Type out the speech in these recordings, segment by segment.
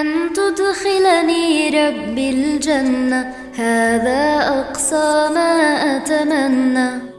أن تدخلني ربي الجنة هذا أقصى ما أتمنى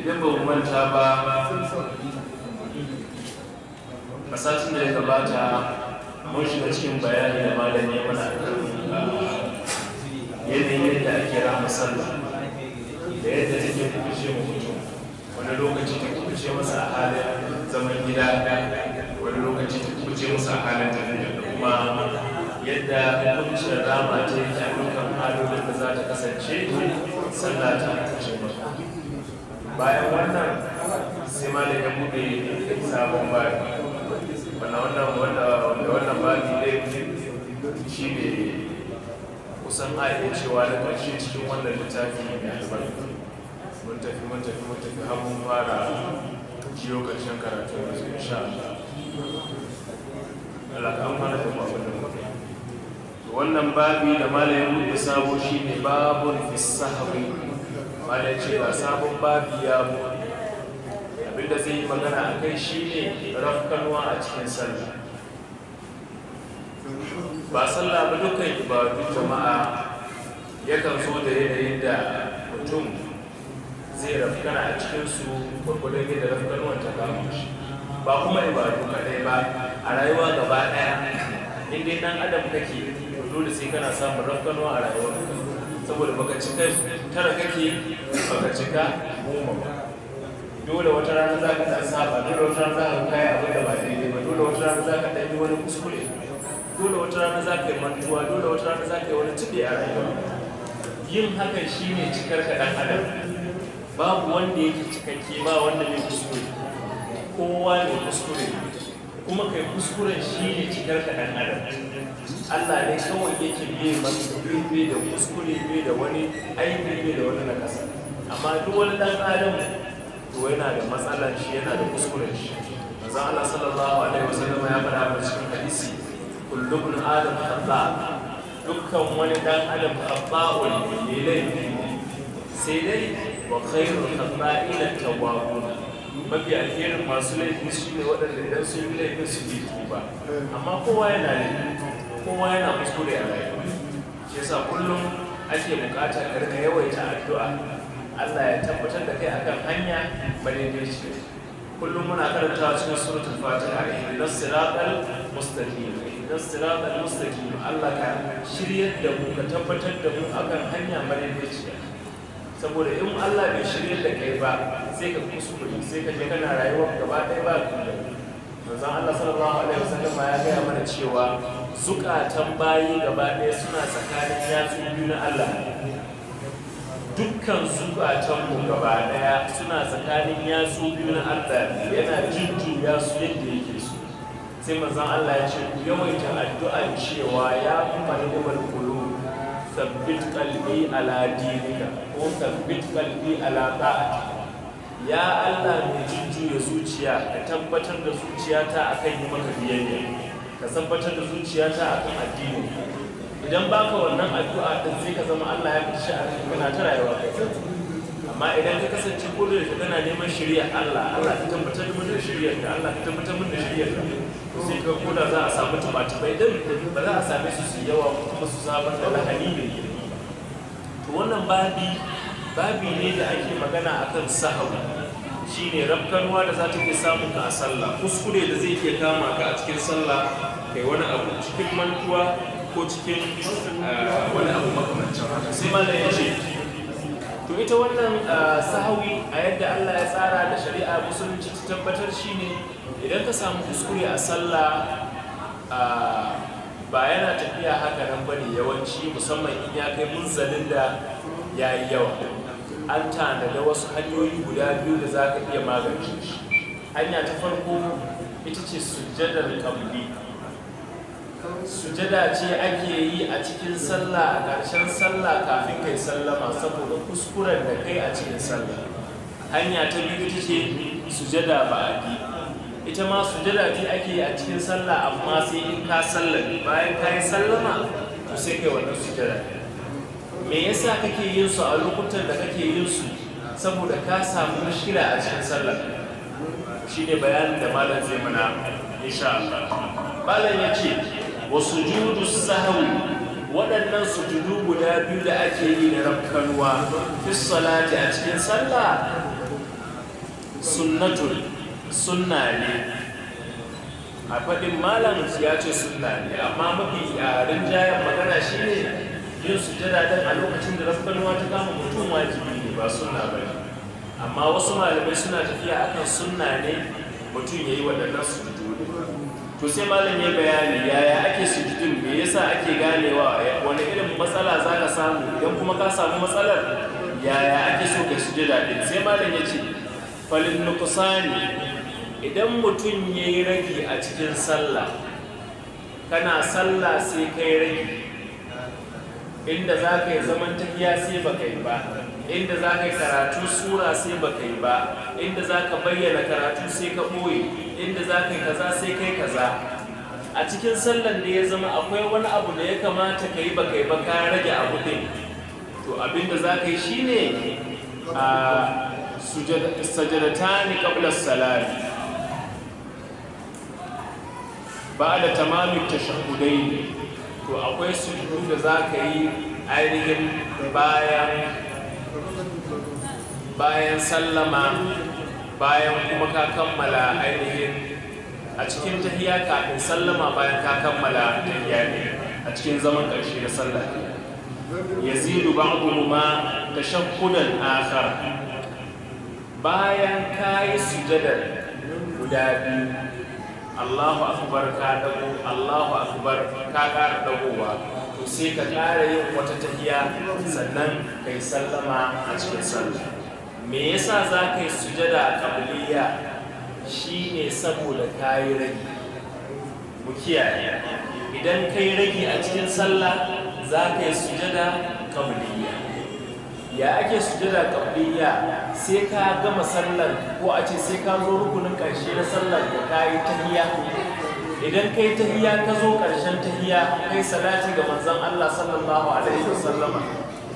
idan ba mu manta ba a satin da ya gabata mun shiga cikin bayani da malam ya mana ah, yanayin yadda ake rama sallah da yadda take kubuce mu mutum wani lokaci ta kubuce masa a halin zaman gida wani lokaci ta kubuce masa a halin tafiya da kuma yadda kubuce rama ta yi a dukkan halolin da za ta kasance sallah ta kubuce masa bayan wannan sai ma da ya buɗe sabon babi wanda wanda wanda wanda babi ɗaya shi ne kusan ayyukan cewa na ƙarshe cikin wannan littafi mai albarka mun tafi mun tafi mun tafi har mun fara jiyo ƙarshen karatu yanzu insha Allah alaƙan fara da babin da mutum wannan babi da malayin buɗe sabo shi ne babun fi sahabi malam ce ba sabon babi ya bude abinda zai yi magana a kai shi ne rafkanwa a cikin sallah ba sallah ba dukkan ibadun jama'a yakan zo da yanayin da mutum zai rafkana a cikin su gwargwadon yadda rafkanwan ta kama shi ba kuma ibadu kadai ba a rayuwa gaba ɗaya in dai ɗan adam kake dole sai kana samun rafkanwa a rayuwar baka cika tara kake baka cika goma ba dole wata rana za ka dan saba dole wata rana za ka kai abu da ba daidai ba dole wata rana za ka dan wani kuskure dole wata rana za ka yi mantuwa dole wata rana za ka yi wani tuɗe a rayuwa yin hakan shine cikar ka dan adam babu wanda yake cikakke ba wanda bai kuskure kowa ne kuskure kuma kai kuskuren shine cikar ka dan adam Allah ne kawai yake biye masa bai da kuskure bai da wani aiki bai da wani nakasa amma duk wani dan adam to yana da matsalar shi yana da kuskuren shi manzon Allah sallallahu alaihi wasallam ya faɗa a cikin hadisi kullu ibn adam khata dukkan wani dan adam wani ne laifi sai dai wa khairul khata'ina tawwabun mafi alherin masu laifi shi ne waɗanda idan sun yi laifin su bi tuba amma kowa yana da laifin kowa yana kuskure a rayuwa shi yasa kullum ake bukatar ka rika yawaita addu'a Allah ya tabbatar da kai akan hanya shi kullum muna karantawa cikin suratul fatiha ihdinas siratal mustaqim ihdinas siratal mustaqim Allah ka shiryar da mu ka tabbatar da mu akan hanya shi saboda in Allah bai shiryar da kai ba sai ka kuskure sai ka je kana rayuwar gaba ɗaya ba manzon Allah sallallahu alaihi wasallam ya gaya mana cewa zukatan bayi gaba ɗaya suna tsakanin yatsu biyu na Allah dukkan mu gaba ɗaya suna tsakanin yatsu biyu na Allah yana jujjuya su yadda yake so sai manzon Allah ya ce yawaita addu'a cewa ya mallibal qulub sabbit kalbi ala dinika ko sabbit kalbi ala ta'atika ya Allah mai jujjuya zuciya ka tabbatar da zuciyata akan yi maka biyayya ka tabbatar da ta a kan addini idan ba ka wannan addu'a din sai ka zama Allah ya fice a cikin kana ta rayuwa amma idan ka kasance ko da ka kana neman shari'a Allah Allah ka tabbatar da da shari'a ka Allah ka tabbatar da shari'a ka sai ka koda za a samu tumatubai din ba za a same su su yawa kuma su sabar da lahani mai girma to wannan babi babi ne da ake magana akan sahawi shine rafkanuwa da za ta ke samun ka a sallah kuskure da zai ke kama ka a cikin sallah kai wani abu cikin mantuwa ko cikin ah, wani abu makamancin haka sai malam ya ce to ita wannan ah, sahawi a yadda Allah ya tsara da shari'a musulunci ta tabbatar shine idan ka samu kuskure a sallah ah, ba yana tafiya haka nan bane yawanci musamman in ya kai munzalin da ya yi yawa an tanada wasu hanyoyi guda biyu da za ka iya magance shi hanya ta farko ita ce sujjadar kabli sujjada ce ake yi a cikin sallah a ƙarshen sallah kafin kai sallama saboda kuskuren da kai a cikin sallah hanya ta biyu ita ce a ba'adi ita ma sujjada ce ake yi a cikin sallah amma sai in ka sallame bayan ka yi sallama to sai kai wannan ne me yasa kake yin su a lokutan da kake yin su saboda ka samu mashkila a cikin sallah ne bayanin da malam zai mana insha Allah malam ya ce wa sujudu sahwi waɗannan sujudu guda biyu da ake yi da rabkanwa fi salati a cikin sallah sunnatul sunna ne a faɗin malam ya ce sunna ne amma mafi yarin jayan magana shi ne. yin sujjada da a lokacin da ruwa ta kama mutum wajibi ne ba sunna ba amma wasu malamai suna tafiya akan sunna ne mutum ya yi waɗannan sujjudu to sai malam ya bayani yaya ake sujjudin me yasa ake ganewa wani irin matsala za ka samu idan kuma ka samu matsalar yaya ake so ka sujjada din sai malam ya ce falin nukusani idan mutum ya yi ragi a cikin sallah kana sallah sai kai rage. inda za ka yi zaman tahiya sai ba ka yi ba inda za ka yi karatu sura sai ba ka yi ba inda za ka bayyana karatu sai ka ɓoye inda za ka yi kaza sai kai kaza a cikin sallan da ya zama akwai wani abu da ya kamata ka yi ba ka yi ba ka rage abu ɗin to abin da za ka yi shi ne a ni qabla salari. ba da tamamin tashahudai to akwai sujudu da za ka yi ainihin bayan bayan sallama bayan kuma ka kammala ainihin a cikin tahiya kafin sallama bayan ka kammala tahiya ne a cikin zaman ƙarshe na sallah yazidu ba'dhu ma tashakkudan akhar bayan ka yi sujadar guda biyu Allahu akbar ka dago Allahu akbar ka kara dagowa to sai ka kara yin wata tahiya sannan kai sallama a cikin sallah me yasa za ka yi sujada qabliya shine saboda ka yi rage mu kiyaye idan kai rage a cikin sallah za ka yi sujada qabliya ya ake sujada qabliya sai ka gama sallar ko a ce sai ka zo rukunin karshe na sallar da ka yi tahiyya idan ka yi tahiyya ka zo karshen tahiyya kai salati ga manzon Allah sallallahu alaihi wasallama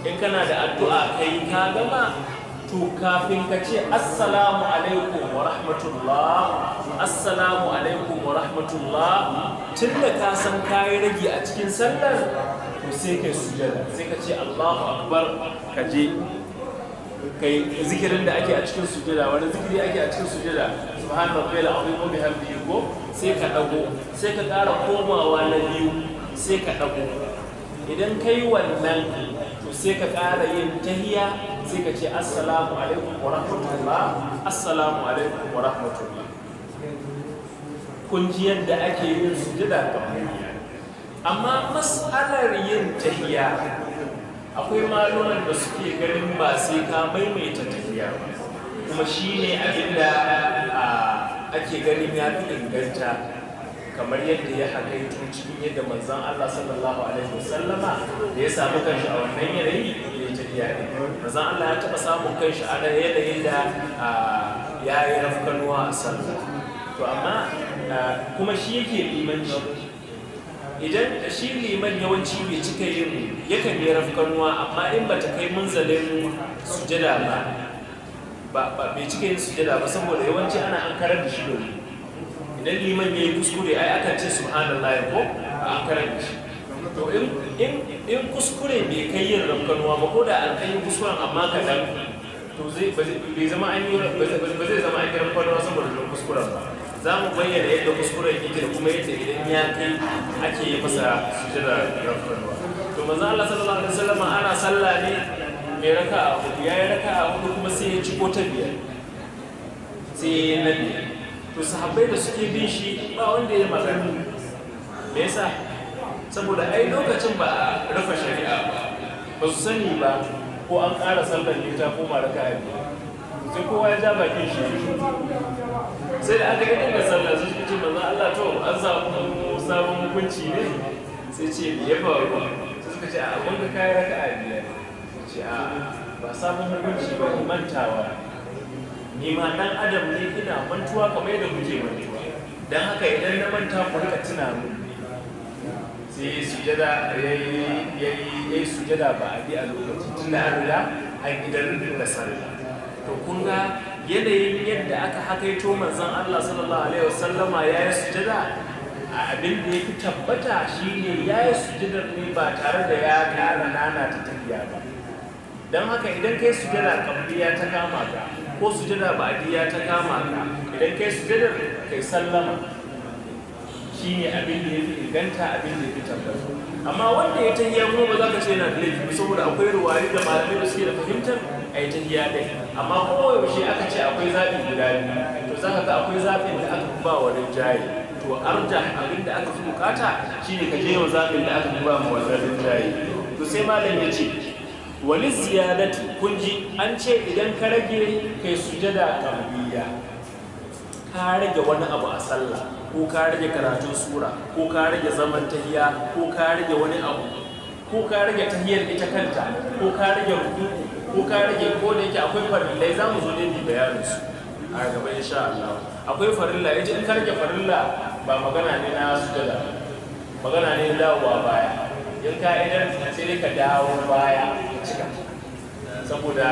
in kana da addu'a kai ka gama to kafin ka ce assalamu alaikum wa rahmatullah assalamu alaikum wa rahmatullah tun da ka san kayi rage a cikin sallar to sai kai sujada sai ka ce allahu akbar ka je kai zikirin da ake a cikin sujada wani zikiri ake a cikin sujada subhanahu wa ta'ala azim wa bihamdihi ko sai ka dago sai ka ƙara komawa na biyu sai ka dago idan kai wannan to sai ka ƙara yin tahiya sai ka ce assalamu alaikum wa rahmatullah assalamu alaikum wa rahmatullah kun ji yadda ake yin sujada kamar amma mas'alar yin tahiya akwai malaman da suke ganin ba sai ka maimaita tafiya ba kuma shi ne abinda ake ganin ya fi inganta kamar yadda ya haɗaito cikin yadda manzon Allah sallallahu alaihi wasallama da ya samu kanshi a wannan yanayi iyali manzon Allah ya taɓa samun kai shi a yanayin da ya yi rafkanuwa a sallah to amma kuma shi yake limanci idan shi liman yawanci bai cika yin yakan yi rafkanuwa amma in ba ta kai munzalin sujada ba ba bai cika yin sujada ba saboda yawanci ana an karar da shi domin idan liman ya yi kuskure ai akan ce subhanallah ya ko a an karar da shi to in kuskure bai kai yin rafkanuwa ba ko da an kai kuskuren amma kaɗan to zai bai zama an yi ba zai zama an yi rafkanuwa saboda don kuskuren ba za mu bayyana yadda kuskuren yake da kuma yadda idan ya kai ake yi masa sujada rafkanuwa to manzo Allah sallallahu alaihi wasallam ana sallah ne mai raka a hudu ya yi raka a hudu kuma sai ya ci ko ta biyar sai ya yi nan to sahabbai da suke bin shi ba wanda ya magana me yasa saboda ai lokacin ba a rufe shari'a ba ba su sani ba ko an ƙara sallar ne ta koma raka a biyu sai kowa ya ja bakin shi sai da aka yi da sallar sai ce za Allah to an samu sabon hukunci ne sai ce me ya faru Su suka ce a wanda kai raka a biyu ce a ba sabon hukunci ba ne mantawa ni ma dan adam ne ina mantuwa kamar yadda kuke mantuwa dan haka idan na manta ku rika tuna mun sai sujada yayi sujada ba a bi a lokaci tunda an riga a gidan da sallah to kun ga yanayin yadda aka hakaito manzon Allah sallallahu alaihi wasallama yayi sujada abin da ya fi tabbata shine yi sujadar ne ba tare da ya kara nana ta tafiya ba don haka idan kai sujada ya ta kama ka ko sujada ba'diya ta kama ka idan kai sujadar kai sallama ne abin da ya fi inganta abin da ya fi tabbata amma wanda ya tahiya kuma ba za ka ce yana da laifi saboda akwai ruwari da malamai da suke da fahimtar a yi tahiya dai amma yaushe aka ce akwai zaɓi guda biyu to za ka ga akwai zaɓin da aka ba wa rinjaye to arja abin da aka fi bukata shine ka je wa zaɓin da aka ba wa wannan rinjaye to sai malam ya ce wani ziyadati kun ji an ce idan ka rage kai sujada kambiya ka rage wani abu a sallah ko ka rage karatun sura ko ka rage zaman tahiya ko ka rage wani abu ko ka rage tahiyar ita kanta ko ka rage rubutu ko ka rage ko da yake akwai farillai za mu zo ne mu bayanin su a gaba insha Allah akwai farilla yace in ka rage farilla ba magana ne na sujada magana ne dawowa baya in ka idan sai dai ka dawo baya cika saboda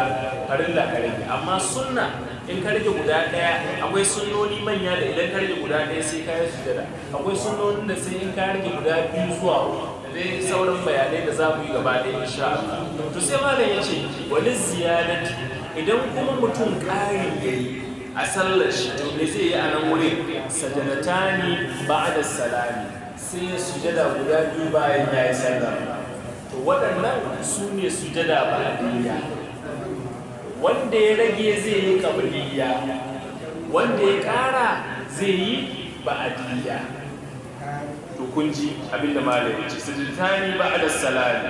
farilla ka rage amma sunna in ka rage guda ɗaya akwai sunnoni manya da idan ka rage guda ɗaya sai ka yi sujada akwai sunnonin da sai in ka rage guda biyu zuwa da sauran bayanai da za mu yi gaba da insha Allah to sai malam ya ce wani ziyarati, idan kuma mutum ƙarin ya a sallar shi to me zai yi a nan wurin sajadatani ba'da salami sai ya sujada guda biyu bayan ya yi sallar to waɗannan su ne sujada ba a duniya wanda ya rage zai yi kabiliya wanda ya kara zai yi ba'adiyya to abinda malami ce sujjatani ba'da salami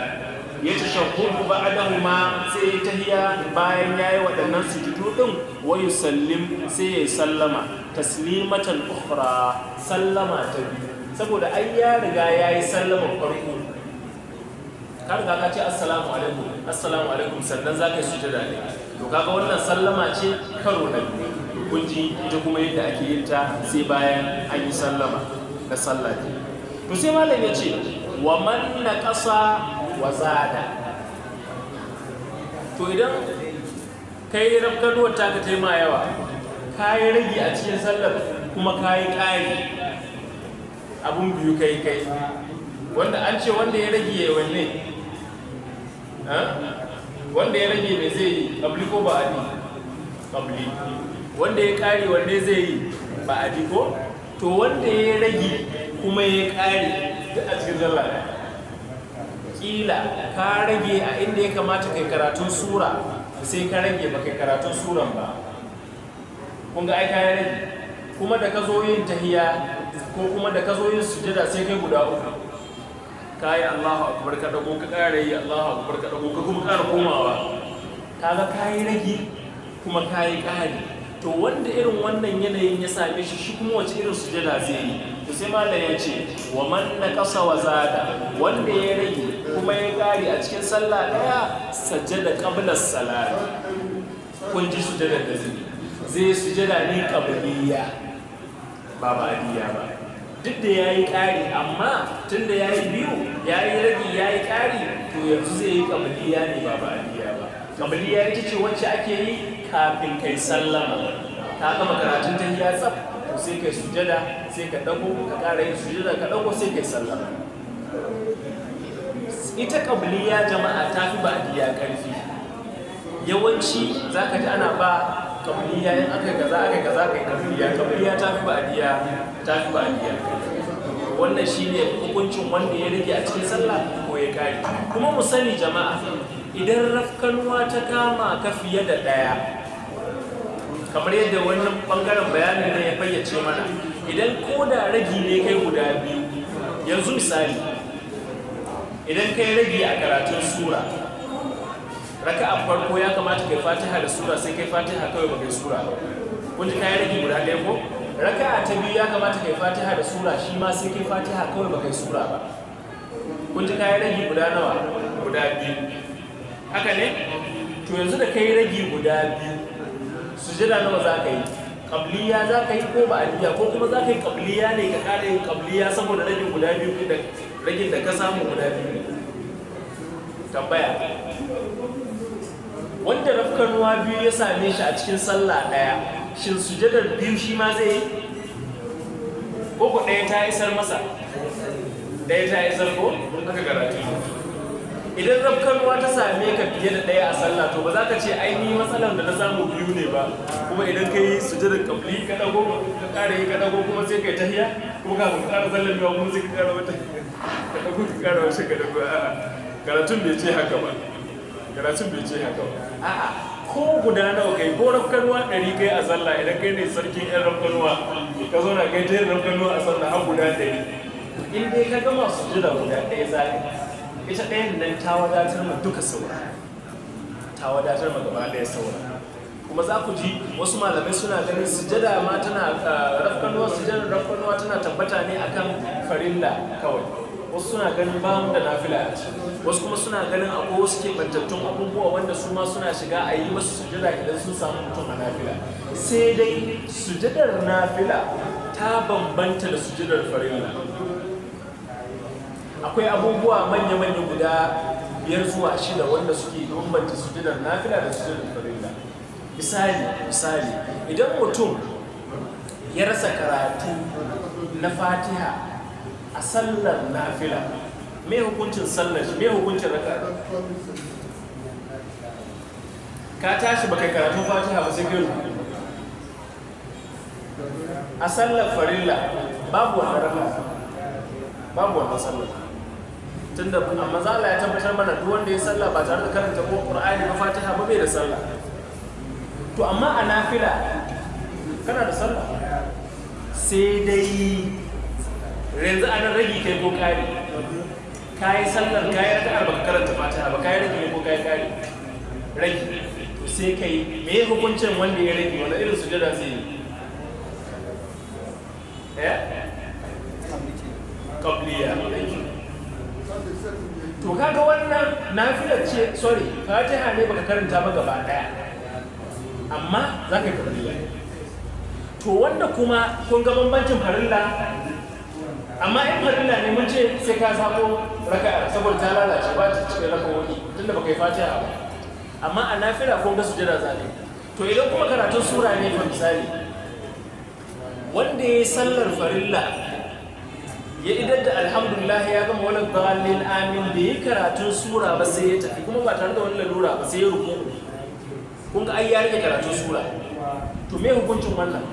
ya ci shahudu ba'dahu ma sai ya tahiya bayan yayi waɗannan sujudu ɗin wayo sallim sai ya sallama taslimatan ukhra sallama ta biyu saboda ai ya riga yi sallama farko ka riga ka ce assalamu alaikum assalamu alaikum sannan zaka yi sujada ne to kaga wannan sallama ce karo na biyu kun ji ita kuma yadda ake yin ta sai bayan an yi sallama na sallah to sai malam ya ce wa man ƙasa wa zada to idan kai rafkanuwar ta ka taima yawa ka yi rage a cikin sallar kuma ka yi ƙari abun biyu kai kai wanda an ce wanda ya rage ya wanne wanda ya rage mai zai yi ƙabli ko ba adi ƙabli wanda ya ƙare wanne zai yi ba adi ko to wanda ya rage kuma ya ƙare duk a cikin zalla kila ka rage a inda ya kamata kai karatun sura sai ka rage ba kai karatun suran ba kun ga ai ka rage kuma da ka zo yin tahiya ko kuma da ka zo yin sujada sai kai guda uku ka yi Allahu akbar ka dago ka ƙara yi Allahu akbar ka dago kuma ƙara komawa kaga ka yi rage kuma ka yi ƙari to wanda irin wannan yanayin ya same shi shi kuma wace irin sujada zai yi to sai malam ya ce wa man naqasa wa zada wanda ya rage kuma ya ƙare a cikin sallah daya sajjada qabla salati kun ji sujadar da zai zai sujada ne qabliya ba ba'diya ba duk da ya yi ƙari amma tun da ya yi biyu ya yi ragi ya yi ƙari to yanzu zai yi kamaliya ne ba ba aliyya ba kamaliya ita ce wacce ake yi kafin kai sallama ta gama karatun ta ya tsaf to sai kai sujada sai ka dago ka ƙara yin sujada ka dago sai kai sallama ita kamaliya jama'a ta fi ba aliyya ƙarfi yawanci za ka ji ana ba kabliya in aka kaza aka kaza kai kabliya kabliya ta fi ta fi ba'diya wannan shine hukuncin wanda ya rage a cikin sallah ko ya kare kuma mu sani jama'a idan rafkanuwa ta kama ka fiye da ɗaya kamar yadda wannan bangaren bayanin ne ya fayyace mana idan ko da ragi ne kai guda biyu yanzu misali idan kai ragi a karatun sura raka'a farko ya kamata kai fatiha da sura sai kai fatiha kawai ba kai sura ba kun ji kayan rage guda ɗaya ko raka'a ta biyu ya kamata kai fatiha da sura shi ma sai kai fatiha kawai ba kai sura ba kun ji kayan rage guda nawa guda biyu haka ne to yanzu da kai rage guda biyu sujada nawa za ka yi qabliya za ka yi ko ba'diya ko kuma za ka yi qabliya ne ka kare yin qabliya saboda rage guda biyu da ragin da ka samu guda biyu tambaya wanda rafkanuwa ruwa biyu ya same shi a cikin sallah ɗaya shin sujadar biyu shi ma zai yi ko ku ɗaya ta isar masa ɗaya ta isar ko mun garatu karatu idan rafkanuwa ruwa ta same ka fiye da ɗaya a sallah to ba za ka ce ai ni matsalar da na samu biyu ne ba kuma idan ka yi sujadar kabli ka ɗago ka ƙara yi ka ɗago kuma sai ka yi tahiya kuma ka ƙara zallan biyu kuma sai ka ƙara wata ka ɗago ka ƙara wata ka ɗago karatun bai ce haka ba garasin bai ce haka a'a ko guda nawa kai ko rafkanuwa ɗari kai a sallah idan kai ne sarkin yan rafkanuwa ka zo na kai ta rafkanuwa a sallah har guda ɗari in dai ka gama su jira guda ɗaya za ka ita ɗayan nan ta wadatar ma duka saura ta wadatar ma gaba ɗaya saura kuma za ku ji wasu malamai suna ganin sujada ma tana ah, rafkanuwa sujada rafkanuwa tana tabbata ne akan farilla kawai wasu suna ganin ba mu da nafila a ciki wasu kuma suna ganin akwai wasu bantattun abubuwa wanda su ma suna shiga a yi masu sujada idan sun samu mutum a nafila sai dai sujadar nafila ta bambanta da sujadar farilla akwai abubuwa manya-manya guda biyar zuwa shida wanda suke bambanta sujadar nafila da sujadar farilla misali misali idan mutum ya rasa karatu na fatiha a sallar nafila me hukuncin sallar shi me hukuncin raka ka tashi baka karatu fatiha ba sai kai a sallar farilla babu wannan raka babu wannan sallar tunda amma za Allah ya tabbatar mana duk wanda ya sallah ba tare da karanta ko Qur'ani ba Fatiha ba bai da sallah to amma a nafila kana da sallah sai dai yanzu ana rage ragi kai ko kari ka yi sallar ka yi raka'ar baka karanta fata ba ka yi ko ka yi kari ragi to sai kai me ya hukuncin wanda ya rage wani irin sujada zai yi kabliya eh? to kaga wannan na nafilar ce sorry fatiha ne baka karanta ba gaba daya amma za ka yi to wanda kuma kun ga bambancin farilla amma in farilla ne mun ce sai ka sako raka'a saboda ta lalace ba ta cikin tun tunda baka yi fatiha ba amma a nafira ko ga sujada zane to idan kuma karatun sura ne fa misali wanda ya yi sallar farilla ya idan da alhamdulillah ya gama wani dalil amin da ya karatun sura ba sai ya tafi kuma ba tare da wani lalura ba sai ya ruku kun ga ai ya rike karatun sura to me hukuncin wannan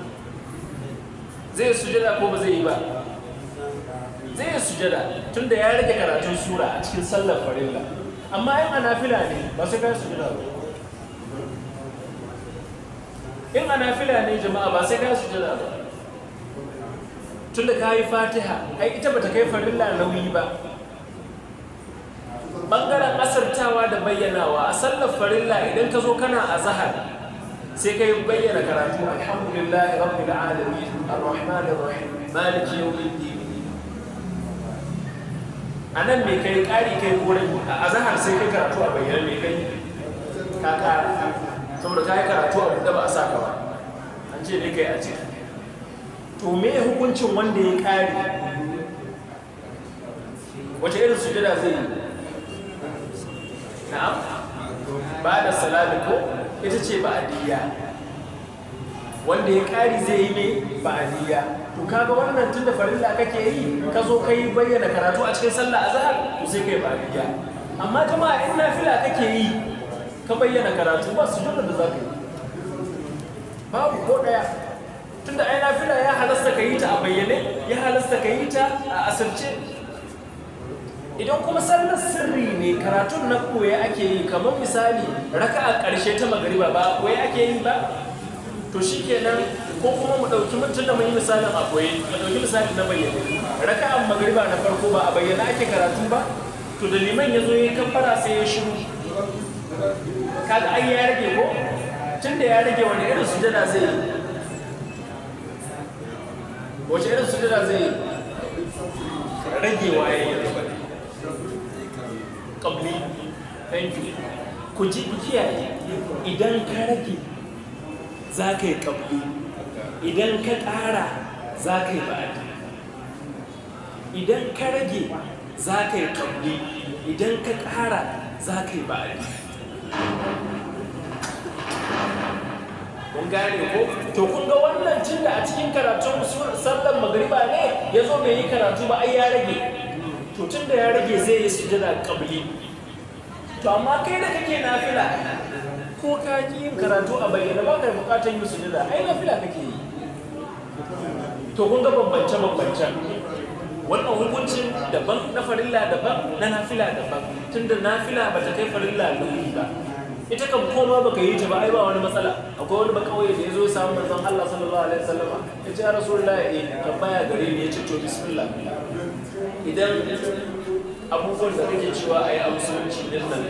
zai sujada ko ba zai yi ba zai sujada tunda ya rage karatun sura a cikin sallar farilla amma in anafila ne ba su kai sujada ba in anafila ne jama'a ba sai kai sujada ba tunda ka yi fatiha ai ita bata kai farilla nauyi ba bangaren asartawa da bayyanawa a sallar farilla idan ka zo kana a zahar sai ka yi bayyana karatu alhamdulillahi rabbil alamin arrahmanir rahim maliki yawmiddin a nan mai kai ƙari kai wurin a zahar sai kai karatu a bayyana mai kai ka ƙara saboda ka yi karatu a buɗe ba a sa ka ba an ce mai kai a ce. to me hukuncin wanda ya ƙari wace irin sujada zai yi na'am ba da salami ko ita ce ba'adiyya wanda ya ƙari zai yi ne ba'adiyya Ka ga wannan tun da farilla kake yi ka zo ka yi bayyana karatu a cikin sallah azhar to sai kai riya amma jama'a in nafila kake yi ka bayyana karatu ba su da za ka yi babu ko daya tunda ai nafila ya halasta ka yi ta a bayyane ya halasta ka yi ta a asirce idan kuma sallar sirri ne karatun na koya ake yi kamar misali raka'a ƙarshe ta magariba ba koya ake yi ba to shikenan ko kuma mu ɗauki mutum da mun yi misalin akwai mu ɗauki misalin na bayyane raka'an magriba na farko ba a bayyana ake karatu ba to da liman ya zo ya kabbara sai ya shiru kaga an ya rage ko tun da ya rage wani irin sujada zai yi wace irin sujada zai yi ragewa ya yi kabli thank you ku ji kiyaye idan ka rage za ka yi kabli idan ka ƙara za ka yi ba'adi idan ka rage za ka yi ƙabli idan ka ƙara za ka yi ba'adi kun gane ko to kun ga wannan cin da a cikin karatun sallar magariba ne ya zo mai yi karatu ba ai ya rage to tun da ya rage zai yi su jira ƙabli to amma kai da kake nafila ko ka ƙi yin karatu a bayyana ba ka buƙatar yin jira ai nafila kake yi to kun ga bambance bambancen wannan hukuncin daban na farilla daban na nafila daban tunda nafila ba ta kai farilla da ba ita kan koma baka yi ta ba ai ba wani matsala akwai wani ba kawai da ya zo samu manzon Allah sallallahu alaihi wasallama ya ce rasulullahi eh tambaya gare ni ya ce to bismillah idan abubuwan da kake cewa a yi amsoci din nan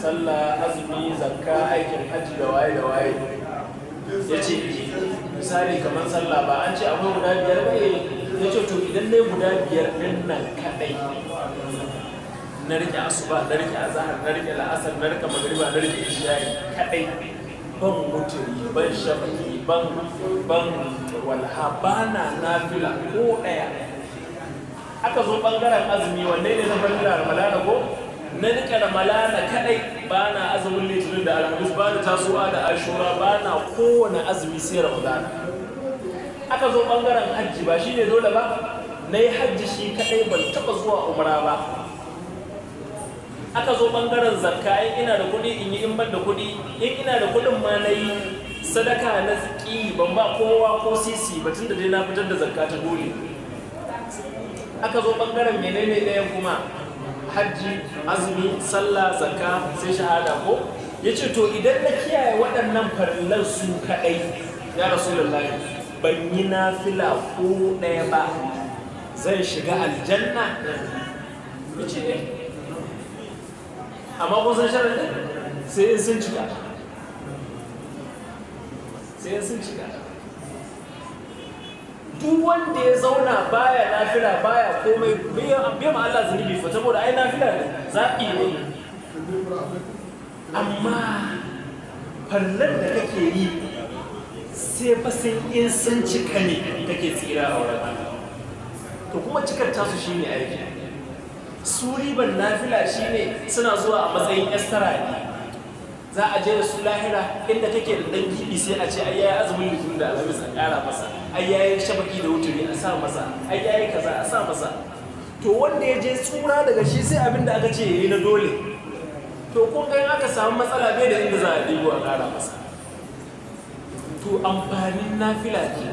sallah azumi zakka aikin hajji da waye da waye ya ce eh. misali kamar sallah ba an ce akwai guda biyar ba ya ce to idan dai guda biyar ɗin nan kaɗai na rike asuba na rike azahar na rike la'asar na rike magariba na rike ishiyayi kaɗai ban mutiri ban shafi ban ban walha ba na nafila ko ɗaya aka zo ɓangaren azumi wanne ne na fallila malana ko na rike malana kaɗai bana azumin litinin da alhamis ba na tasuwa da ashura ba na kowane azumi sai ramadana aka zo bangaren hajji ba shine dole ba na yi hajji shi kadai ban taba zuwa umra ba aka zo bangaren zakka in ina da kuɗi in yi in ban da kuɗi in ina da kuɗin ma na yi sadaka na ziki ban ba kowa ko sisi ba tun da dai na fitar da zakka ta dole aka zo bangaren menene ɗayan kuma hajji azumi sallah zakka sai shahada ko ya ce to idan na kiyaye waɗannan farillan su kaɗai ya rasulullahi ban yi nafila ko ɗaya ba zai shiga aljanna ya ce ne eh. amma kun san sharaɗin sai in sun cika sai in sun cika duk wanda ya zauna baya nafila baya komai biya ma Allah zunubi fa saboda ai nafila zaɓi ne amma fallan da kake yi sai fa sai in san cika ne kake tsira a wurin to kuma cikar tasu shine aiki su riban nafila shine suna zuwa a matsayin estara ne za a je da su lahira inda take da dan gidi sai a ce ai ya azumin da alhamis a tsara masa ai yayi shabaki da wuturi a sa masa ai kaza a sa masa to wanda ya je tsura daga shi sai abin da aka ce yi na dole to kun kai aka samu matsala bai da inda za a dibo a kara masa to amfanin nafila ke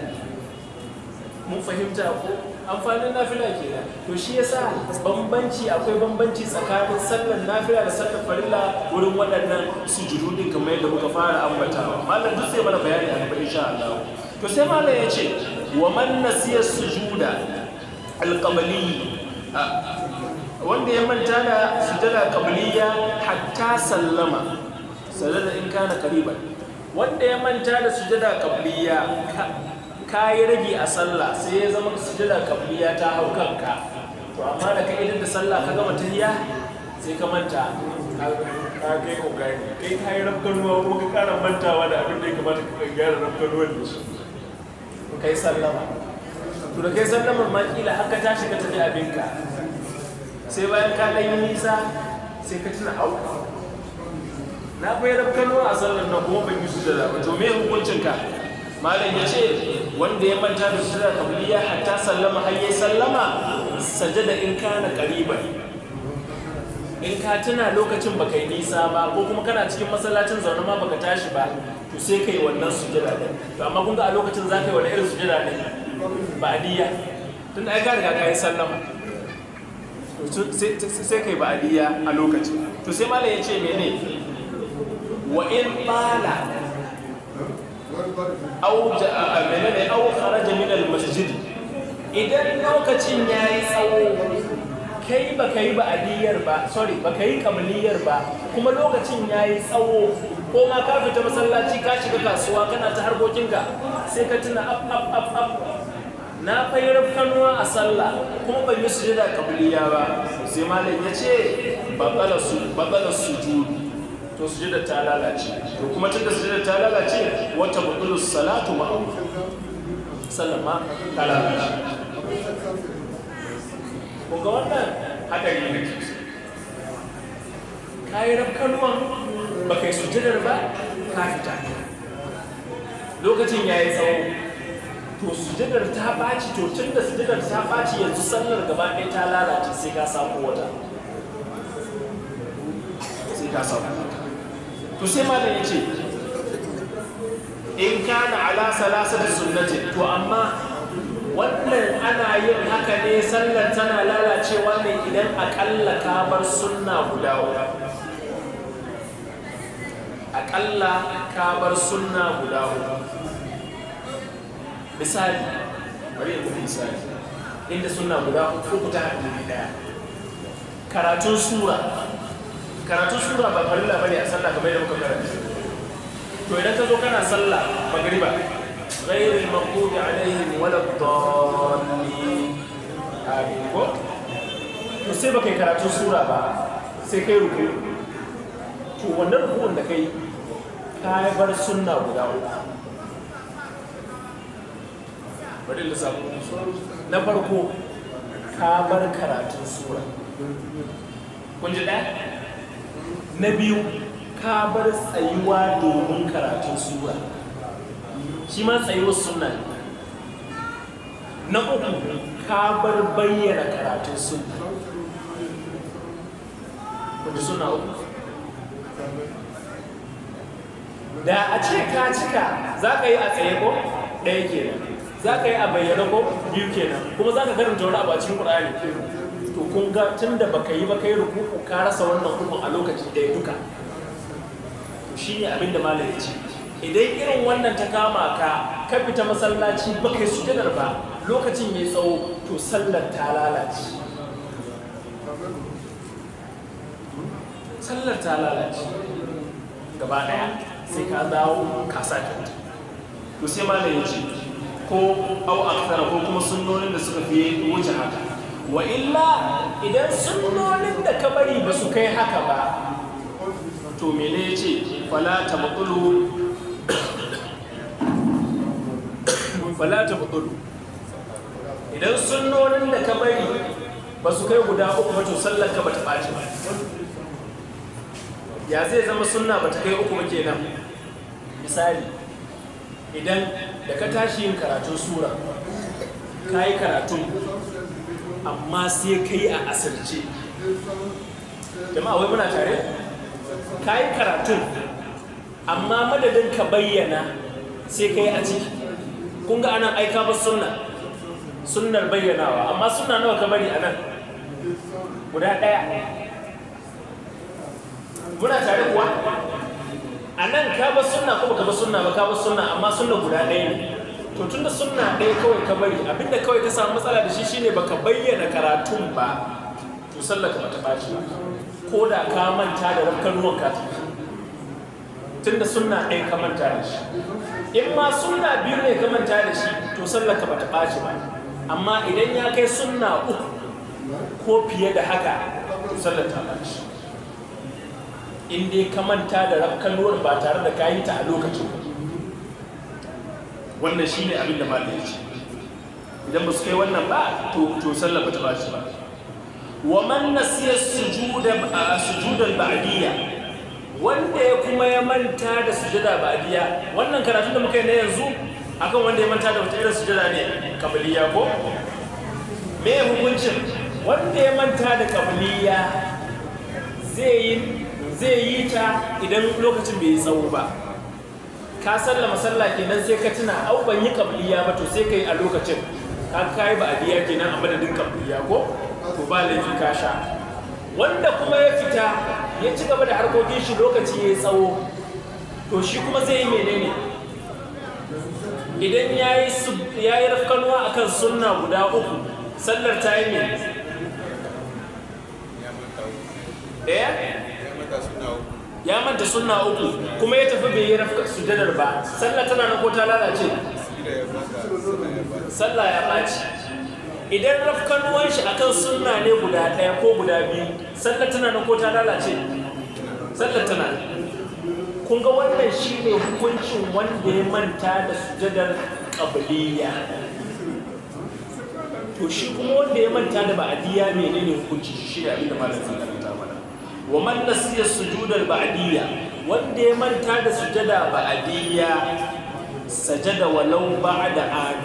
mun fahimta ko amfanin nafila ke to shi ya sa bambanci akwai bambanci tsakanin sallar nafila da sallar farilla wurin waɗannan sujududin kamar yadda muka fara ambatawa mallan duk sai mana bayani a gaba insha Allah to sai malam ya ce wa man nasiya sujuda alƙabali. wanda ya manta da sujada qabliya hatta sallama sallada in kana kariban wanda ya manta da sujada qabliya ka yi rage a sallah sai ya zama sujada qabliya ta hau kanka to amma da ka idan da sallah ka gama tariya sai ka manta ka kai kokari kai ka yi rafkan ruwa ko ka kara mantawa da abin da ya kamata ka gyara rafkan ruwan da shi kai sallama to da kai sallama ma kila haka ta shiga ta ji abinka sai bayan ka ɗan yi nisa sai ka tuna au na bai rafkanuwa a sallar nan kuma ban yi su da to me hukuncinka malam ya ce wanda ya manta da sura kabiliya hatta sallama har ya sallama sajada in kana qariban in ka tuna lokacin baka yi nisa ba ko kuma kana cikin masallacin zaune ma baka tashi ba to sai kai wannan sujada din to amma kun ga a lokacin za ka yi wani irin sujada din adiya tun da ai ka riga ka yi sallama To sai kai adiya a lokacin to sai malam ya ce mene wa in bala au ne au kharaja min al masjid idan lokacin yayi tsawo kai ba ka yi ba'adiyar ba sorry ba ka yi kamaliyar ba kuma lokacin ya yi tsawo ko ma ka fita masallaci ka shiga kasuwa kana ta harkokinka sai ka tuna ap ap ap ap na fayar rafkanuwa a sallah kuma ban yi sujada kamuliya ba sai malam ya ce su sujudu to da ta lalace to kuma tunda da ta lalace wata batsalar salatu ma'au sallama ta lalace kun ga wannan hadari ne ke ka yi rafkanuwa ba kai sujjadar ba ka fita lokacin ya yi tsawo to sujjadar ta ɓaci to tun da sujjadar ta ɓaci yanzu sallar gaba ɗaya ta lalace sai ka samu wata sai ka samu wata to sai malam ya ce in kana ala salasati sunnati to amma wannan ana yin haka ne sallar tana lalacewa ne idan akalla ka bar sunna guda guda akalla ka bar sunna guda guda misali bari yanzu misali inda sunna guda uku a haɗu daya karatun sura karatun sura ba farilla bane a sallah kamar yadda muka karanta to idan ka zo kana sallah magriba غير المغضوب عليهم ولا الضالين amin ko to sai baka karatu sura ba sai kai rufe. to wannan rukun da kai ka yi bar sunna guda uku bari lissafi na farko ka bar karatun sura kun ji ɗaya na biyu ka bar tsayuwa domin karatun sura shi ma tsayuwar suna ne na uku ka bar bayyana karatun sunna kudu suna uku da a ce ka cika za ka yi a tsaye ko ɗaya kenan za ka yi a bayyana ko biyu kenan kuma za ka karanta a abu a cikin ƙur'ani to kun ga tun da baka yi ba yi rukuku ka rasa wannan hukun a lokaci ɗaya duka shi ne abin da malam ya ce idan irin wannan ta kama ka ka fita masallaci ba kai sujadar ba lokacin mai tsawo to sallar ta lalace sallar ta lalace gaba daya sai ka dawo ka sake to sai malam ya ce ko au aksara ko kuma sunnonin da suka fiye wuce haka wa illa idan sunnonin da ka bari ba su kai haka ba to mene ya ce fala ta maƙulu Balata ta idan sunnonin da ka bari ba su kai guda uku ba to sallar ka ba ta ɓaci ba ya zai zama sunna ba ta kai uku ba kenan misali idan da ka tashi yin karatun sura ka yi karatun amma sai ka yi a asirce jama'a wai muna tare ka yi karatun amma madadin ka bayyana sai ka yi a ciki kun ga anan aika ba sunna sunnar bayyanawa amma sunna nawa ka bari anan guda ɗaya muna tare kuwa a nan ka ba sunna ko ka ba sunna ba ka ba sunna amma sunna guda ɗaya ne to tunda sunna ɗaya kawai ka bari abinda kawai ka samu matsala da shi shine baka bayyana karatun ba to sallar ka bata baci ko da ka manta da rafkan ruwan ka tunda suna ɗaya ka manta da shi in ma suna biyu ne ka manta da shi to sallar ka bata ɓaci ba amma idan ya kai suna uku ko fiye da haka to sallar ta ɓaci in dai ka manta da rakkanuwar ba tare da kayi ta a lokacin wannan shine abin da ba ya ce idan ba su kai wannan ba to to sallar ba ta ba ba wa man nasiya sujuda sujudan ba'diyya wanda ya kuma ya manta da sujada ba'diya wannan karatun da muka yi na yanzu akan wanda ya manta da wata irin sujada ne kabiliya ko me hukuncin wanda ya manta da kabiliya zai yi ta idan lokacin bai yi tsawo ba ka salla sallah kenan sai ka tuna au ban yi kabiliya ba to sai ka yi a lokacin ka kai ba'diya kenan a madadin kabiliya ko to ba laifi ka sha wanda kuma ya fita ya ci gaba da harkokin shi lokaci ya yi tsawo to shi kuma zai yi menene idan ya yi rafkanuwa a kan sunna guda uku sallar ta yi mai eh? ya manta sunna uku kuma ya tafi bai yi rafka sujadar ba sallar tana na ko ta lalace sallah ya ɓaci idan rafkan ruwan shi akan sunna ne guda ɗaya ko guda biyu sallar tana na ko ta lalace sallar tana kun ga wannan shi ne hukuncin wanda ya manta da sujadar ƙabiliya to shi kuma wanda ya manta da ba'adiyya menene hukunci shi da abinda malam zai karanta mana wa man nasiya sujudar ba'adiyya wanda ya manta da sujada ba'adiyya sajada walau ba'da an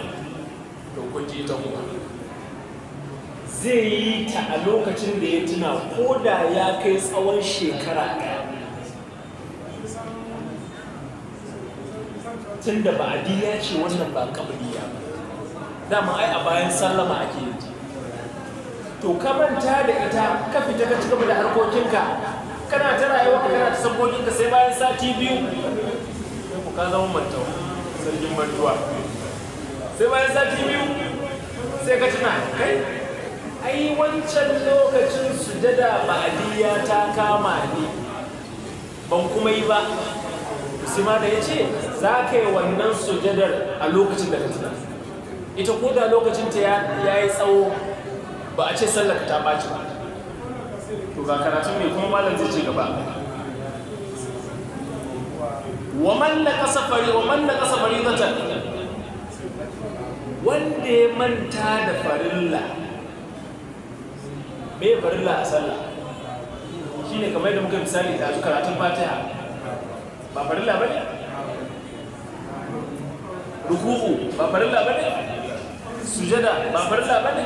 to kun ji ta hukunci zai yi ta a lokacin da ya tuna ko da ya kai tsawon shekara tun da ba ya ce wannan ba ƙabliya ba dama ai a bayan sallama ake yi to ka manta da ita ka fita ka cigaba da harkokinka kana ta rayuwa ka kana ta sabbokinka sai bayan sati biyu Sai ku ka zama mantawa sarkin mantuwa sai bayan sati biyu sai ka tuna kai ai wancan lokacin sujada ba'adiyya ta kama ne. ban kuma yi ba ma da ya ce za ka yi wannan sujadar a lokacin da ka tuna ita ko da lokacin ta ya yi tsawo ba a ce sallar ta ɓaci ba to ga karatun mai kuma malam zai ci gaba wa mallaka safari wa mallaka safari zata wanda ya manta da farilla me farilla a sallah ne kamar yadda muka misali da karatun fatiha ba farilla ba ne ruku'u ba farilla ba ne sujada ba farilla ba ne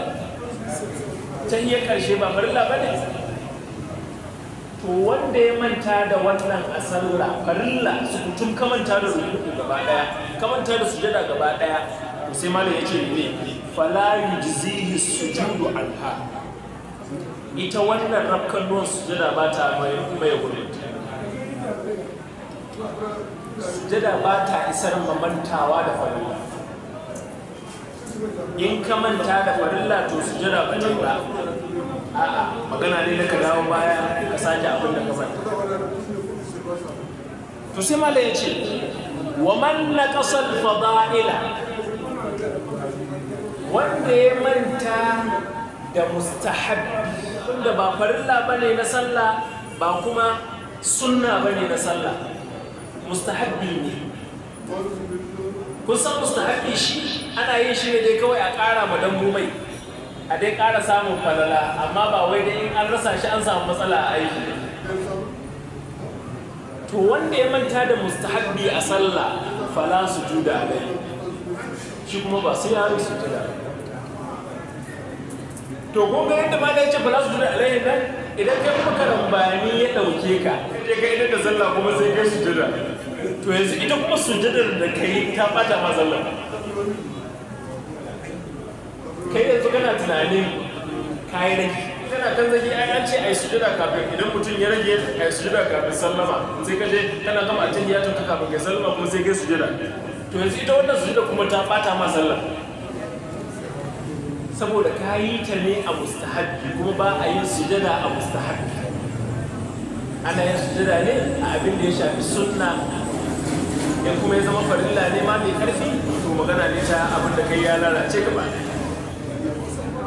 Can tahiyar karshe ba farilla ba ne to wanda ya manta da wannan a sallah farilla su kutum ka manta da ruku'u gaba daya ka manta da sujada gaba daya to sai malam ya ce ne fala yujzihi sujudu alha. ita wannan rafkan ruwan sujada ba ta mai mai Su sujada ba ta isar mamantawa da farilla in ka manta da farilla to sujada ba ta ba a'a magana ne na ka dawo baya ka sake abin da ka manta to sai mala ya ce wa man kasar al-fada'ila wanda ya manta da mustahab tunda ba farilla bane na sallah ba kuma sunna bane na sallah mustahabbi ne kun mustahabbi shi ana yin shi ne dai kawai a ƙara ma dambu mai a dai ƙara samun falala amma ba wai dai in an rasa shi an samu matsala a aiki to wanda ya manta da mustahabbi a sallah fala su juda alai shi kuma ba sai ya yi su juda to kun ga yadda mata ce ba za su jira alaihin nan idan kai kuma karambani ya dauke ka kaje ka idan da zalla kuma sai kai sujada to yanzu ita kuma sujadar da kai ta bata ma zalla. kai yanzu kana tunanin kai rage kana kan zaki ai an ce ai sujada kafin idan mutum ya rage ai sujada kafin sallama sai ka je kana gama ya ta kafin ka sallama kuma sai kai sujada to yanzu ita wannan sujada kuma ta bata ma zalla. saboda ka yi ta ne a mustahabbi kuma ba a yin sujada a mustahabbi ana yin sujada ne a abin da ya shafi sunna in kuma ya zama farilla ne ma mai karfi to magana ne ta abin da kai ya lalace gaba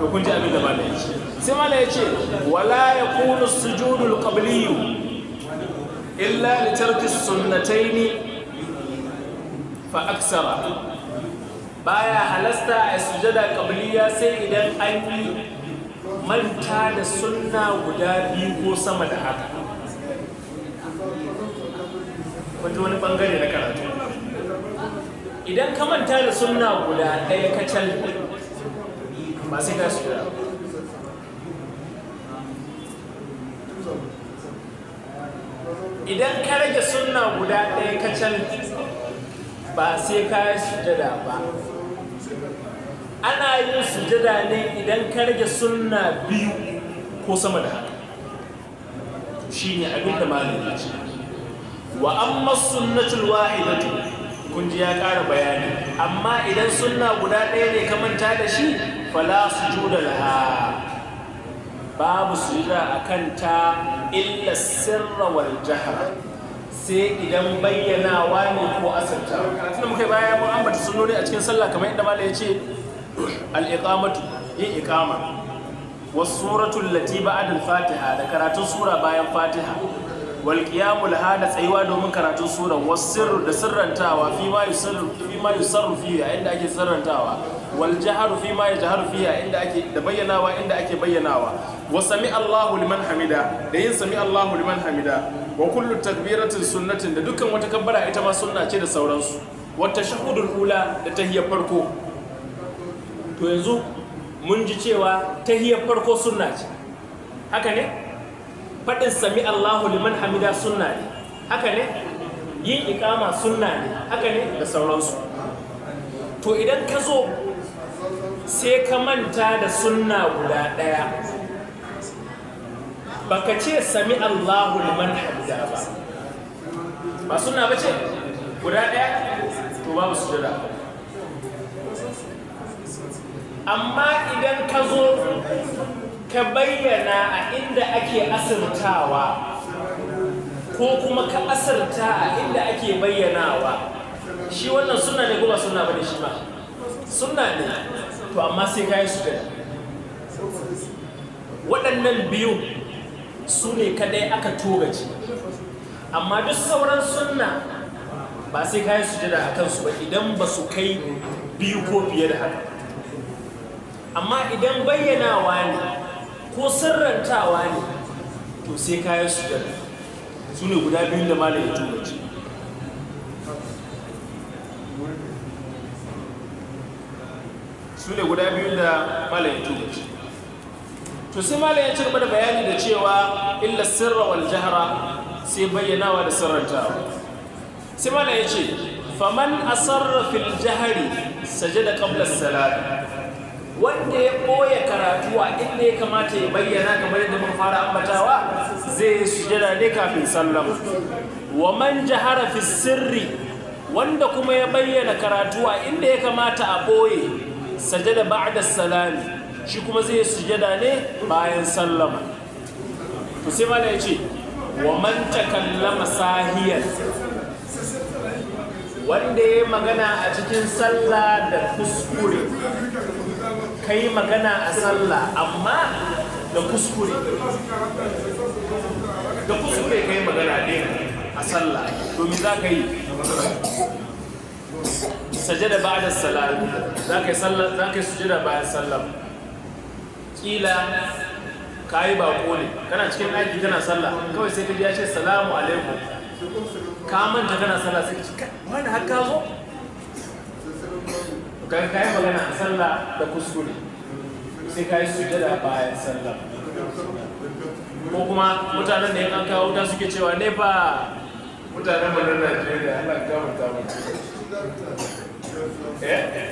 to kun ji abin da malai ya ce sai malai ya ce wala ya kunu sujudul qabliyu illa li tarki sunnataini fa aksara baya halasta a sujada qabliya sai idan an yi manta da sunna guda biyu ko sama da haka wata wani bangare na karatu idan ka manta da sunna guda ɗaya kacal ba sai ka sujada idan ka rage sunna guda ɗaya kacal ba sai ka sujada ba ana yin sujada ne idan ka rage sunna biyu ko sama da haka shi ne abin da malami ce wa amma sunnatul wahidatu kun ji ya kara bayani amma idan sunna guda ɗaya ne ka manta da shi fala sujuda laha babu da a ta illa sirra wal sai idan bayyanawa ne ko asirta tunda muka baya mun ambata sunnoni a cikin sallah kamar yadda malai ya ce al’iƙamatu yin iƙama wasu suratun lati adin fatiha da karatun sura bayan fatiha wal qiyamul hada tsayuwa domin karatun sura wasu sirru da sirrantawa fi ma yusirru fi a inda ake sirrantawa wal jaharu fi ma yajharu fi inda ake da bayyanawa inda ake bayyanawa wa sami Allahu liman hamida da yin sami Allahu liman hamida wa kullu takbiratin sunnatin da dukkan wata kabbara ita ma sunna ce da sauransu wata tashahhudul ula da hiyar farko to yanzu mun ji cewa tahiyar farko sunna ce haka ne faɗin sami Allahu liman hamida sunna ne haka ne yin ikama sunna ne haka ne da sauransu to idan ka zo sai ka manta da sunna guda ɗaya baka ce sami Allahu liman hamida ba ba sunna ba ce guda ɗaya to babu ba. amma idan ka zo ka bayyana a inda ake asirtawa ko kuma ka asirta a inda ake bayyanawa shi wannan suna ne kuma suna bane shi ba suna ne to amma sai ka yi su da waɗannan biyu su ne kadai aka togaci amma duk sauran suna ba sai ka yi da a kansu ba idan ba su kai biyu ko fiye da haka amma idan bayyanawa ne ko sirrantawa ne to sai kayan su ne guda da malam su ne guda biyun da malam ya tubaci to sai malam ya da bayani da cewa illa sirra wal jahara sai bayyanawa da sirrantawa sai malam ya ce faman asarra fil jahari sajada qabla as-salat wanda ya ɓoye karatu a inda ya kamata ya bayyana kamar yadda mun fara ambatawa zai yi sujada ne kafin sallama wa man jahara fi sirri wanda kuma ya bayyana karatu a inda ya kamata a ɓoye sajada ba'da salami shi kuma zai yi sujada ne bayan sallama to sai mala ya ce wa man takallama sahiyar. wanda ya magana a cikin sallah da kuskure ka yi magana a sallah amma da kuskure da kuskure ka yi magana ɗin a sallah domin za ka yi sajada ba da salami za ka yi sallah za ka yi Ƙila bayan sallah kila ka yi bako ne kana cikin aiki kana sallah kawai sai ka ji ya ce salamu alaikum ka manta kana sallah sai ka ce kai wani har ka zo kai kai magana a sallah da kuskure sai kai sujada bayan sallah ko kuma mutanen da ya kan kawo wuta suke cewa ne ba mutanen mu na Najeriya Allah ya gafarta mu eh, eh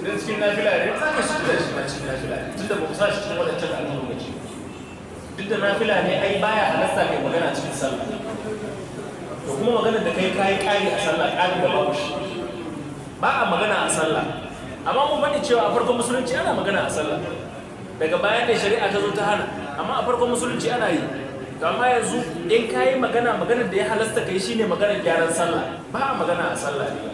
idan cikin nafila ne za ka sujada shi ma cikin nafila ne da ba ku sa shi cikin wadancan al'amuran ba ce duk da nafila ne ai baya halasta kai magana cikin sallah to kuma magana da kai kai kai a sallah kai da babu shi ba a magana a sallah amma mu bani cewa a farkon musulunci ana magana a sallah daga baya ne shari'a ta zo ta hana amma a farkon musulunci ana yi to amma yanzu in ka yi magana maganar da ya halasta kai shine maganar gyaran sallah ba a magana a sallah ne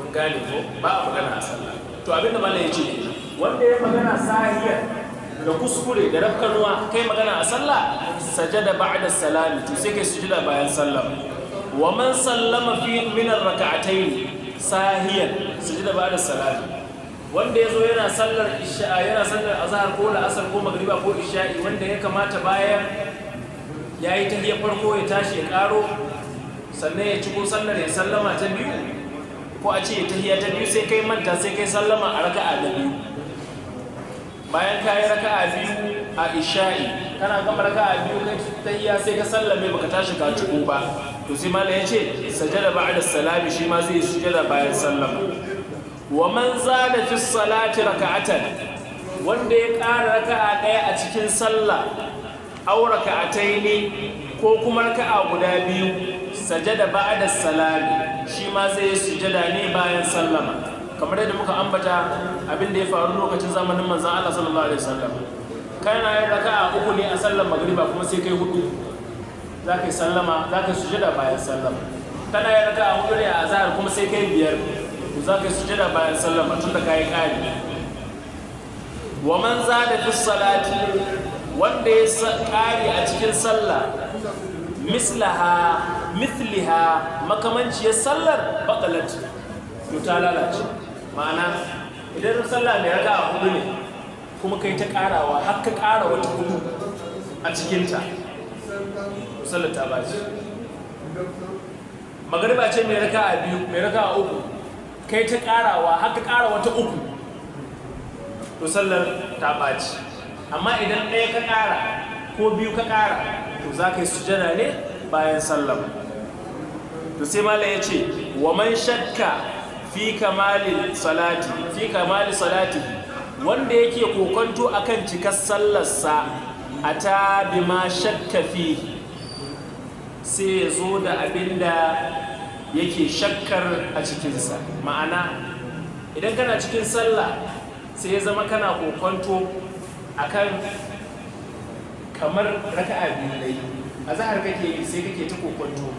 mun gane ko ba a magana a sallah to abinda malam ya ce wanda ya magana sahiyar da kuskure da rafkanuwa kai magana a sallah sajada ba'da salami to sai kai sujuda bayan sallah wa man sallama fi min ar-rak'atayn sahiyan sujuda ba'da salami wanda yazo yana sallar isha yana sallar azhar ko asr ko magriba ko isha'i wanda ya kamata bayan yayi tahiyya farko ya tashi ya karo sannan ya ci ko sallar ya sallama ta biyu ko a ce tahiyya ta biyu sai kai manta sai kai sallama a raka'a da biyu bayan ka yi raka'a biyu a isha'i kana gama raka'a biyu kai tahiyya sai ka sallame baka tashi ka ko ba to ya ce sajada ba'da salami shi ma zai sujada bayan sallama wa man zada fi salati raka'atan wanda ya ƙara raka'a ɗaya a cikin sallah aw raka'ataini ko kuma raka'a guda biyu sajada ba'da salami shi ma zai sujada ne bayan sallama kamar yadda muka ambata abin da ya faru lokacin zamanin manzon Allah sallallahu alaihi wasallam kana yin raka'a uku ne a sallar magriba kuma sai kai hudu za ka yi sallama za ka suje da bayan sallama kana yi raka a hudu ne a azahar kuma sai kai biyar za ka yi da bayan sallama tun da ka yi ƙari wa man za da fi salati wanda ya ƙari a cikin sallah mislaha mithliha ya sallar bakalat to ta lalace ma'ana idan sallah mai raka a hudu ne kuma kai ta ƙarawa har ka ƙara wata hudu a cikinta sallar ta baci magariba ce mai raka a biyu mai raka a uku kai ta karawa haka kara wata uku to sallar ta bace amma idan ɗaya ka kara ko biyu ka kara to za ka yi sujana ne bayan sallar to sai mala ya ce wa man shakka fi kamalin salati fi kamalin salati wanda yake kokonto akan cikar sallarsa a ta bi ma shakka fi sai ya zo da abin da yake shakkar a cikinsa ma'ana idan kana cikin sallah sai ya zama kana kokonto akan kamar raka'a biyu dai a zahar kake sai kake ta kokonto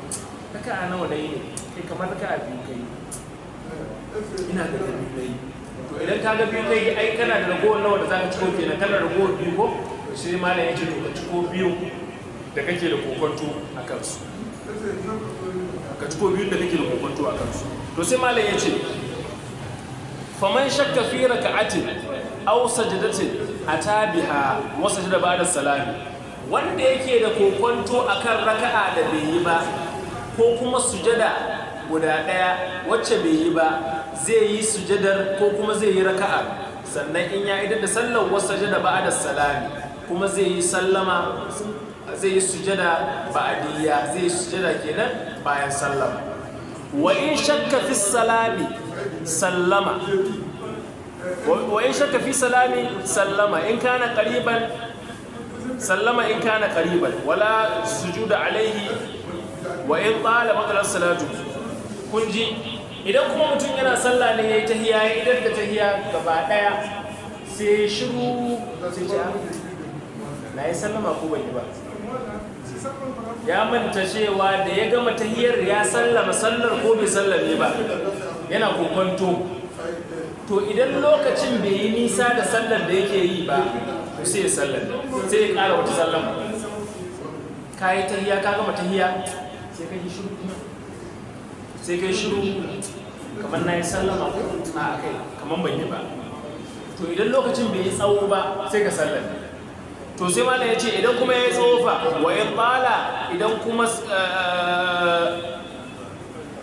raka'a nawa dai ne kai kamar raka'a biyu kai ina da biyu dai to idan ka ga biyu kai ai kana da ragowar nawa da za ka ciko kenan kana ragowar biyu ko sai malam ya ce to ka ciko biyu da kake da kokonto a kansu ka tuko biyun da kake da kokonto a kansu to sai malam ya ce faman shakka fi raka'atin aw sajdatin atabiha wa sajda ba'da salami wanda yake da kokonto akan raka'a da bai yi ba ko kuma sujada guda ɗaya, wacce bai yi ba zai yi sujadar ko kuma zai yi raka'a sannan in ya idar da sallar wasu ba ba'da salami kuma zai yi sallama zai yi sujada ba'adiyya zai yi sujada kenan bayan sallama wa in shakka fi salami sallama wa in shakka fi salami sallama in kana qariban sallama in kana qariban wala sujuda alaihi wa in tala matsalar salatu kun ji idan kuma mutum yana sallah ne ya yi tahiya ya idan da tahiya gaba daya sai shiru sai ce ah, na yi sallama ko ban yi ba ya manta cewa da ya gama tahiyar ya sallama sallar ko bai sallame ba yana kokonto to idan lokacin bai yi nisa da sallar da yake yi ba to sai ya sallar sai ya kara wata sallar ka yi tahiya ka gama tahiya sai ka yi shiru sai ka yi shiru kamar na yi sallama a kai kamar ban yi ba to idan lokacin bai yi tsawo ba sai ka sallar to sai malam ya ce idan kuma ya tsofa wa ya tsala idan kuma eh,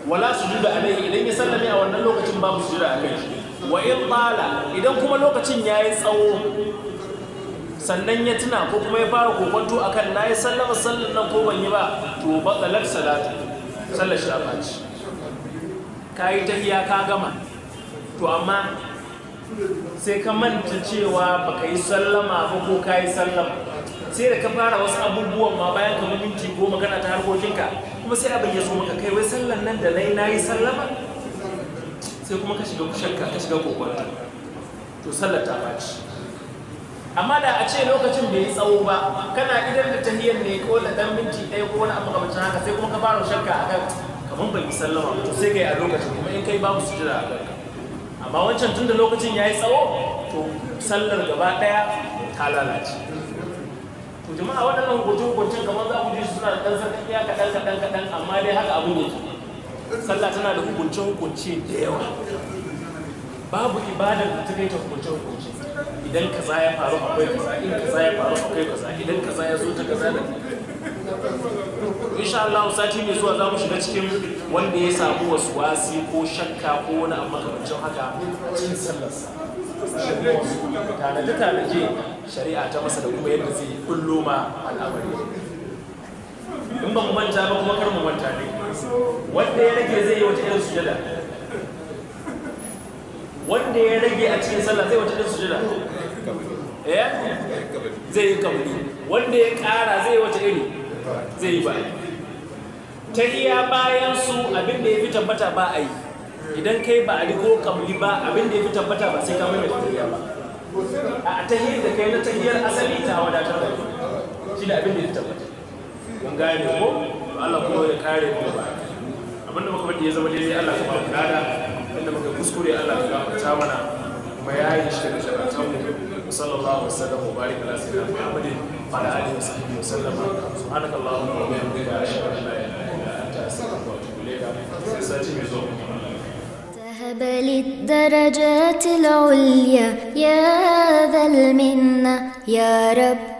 wala su juda alaihi idan ya sallame a wannan lokacin babu su juda a kai wa in tsala idan kuma lokacin ya yi tsawo sannan ya tuna ko kuma ya fara kokonto a kan na yi sallama sallan nan ko ban yi ba to ba tsalar salatu sallar shafaci ka yi tahiya ka gama to amma sai ka manta cewa ba ka yi sallama ba ko ka yi sallama sai da ka fara wasu abubuwan ma bayan ka minti goma kana ta harkokinka kuma sai abin ya zo maka kai wai sallan nan da na yi sallama sai kuma ka shiga kushanka ka shiga kokonta to sallar ta faci amma da a ce lokacin bai yi tsawo ba kana idan da hiyar ne ko da dan minti ɗaya ko wani abu kamar haka sai kuma ka fara shakka akan kamar ban yi sallama to sai kai a lokacin kuma in kai babu sujira a kanka amma wancan tun da lokacin ya yi tsawo to sallar gaba ɗaya ta lalace to jama'a waɗannan gwaje-gwajen kamar za ku ji suna da ɗan ya kaɗan kaɗan kaɗan amma dai haka abin ne sallah tana da hukunce-hukunce da yawa babu ibadar da ta kai ta hukunce-hukunce idan kaza ya faru akwai kaza in kaza ya faru akwai kaza idan kaza ya zo ta kaza da insha Allah sati mai zuwa za mu shiga cikin wanda ya samu wasu wasi ko shakka ko wani abu makamancin haka cikin sallarsa tanaje tanaje shari'a ta masa da kuma yadda zai kullo ma al'amari in ba mu manta ba kuma kar mu manta ne wanda ya rage zai yi wata irin sujada wanda ya rage a cikin sallah zai wata irin sujada eh zai yi kabuli wanda ya kara zai wata iri zai yi bayan ta iya bayan su abin da ya fi tabbata ba a yi idan kai ba a riko kamuli ba abin da ya fi tabbata ba sai kamar mai tafiya ba a tahiyar da kai na tahiyar asali ta wadatar da shi da abin da ya fi tabbata mun gane ko Allah kuma ya kare mu ba abin da muka faɗi ya zama daidai Allah kuma ku gada dada da muka kuskure Allah ku gafarta mana kuma ya yi shi da ta mu sallallahu alaihi wa sallam wa barika ala da Muhammadin وعلى اله وصحبه وسلم سبحانك اللهم وبحمدك اشهد ان لا اله الا انت استغفرك واتوب اليك ذهب للدرجات العليا يا ذا المنة يا رب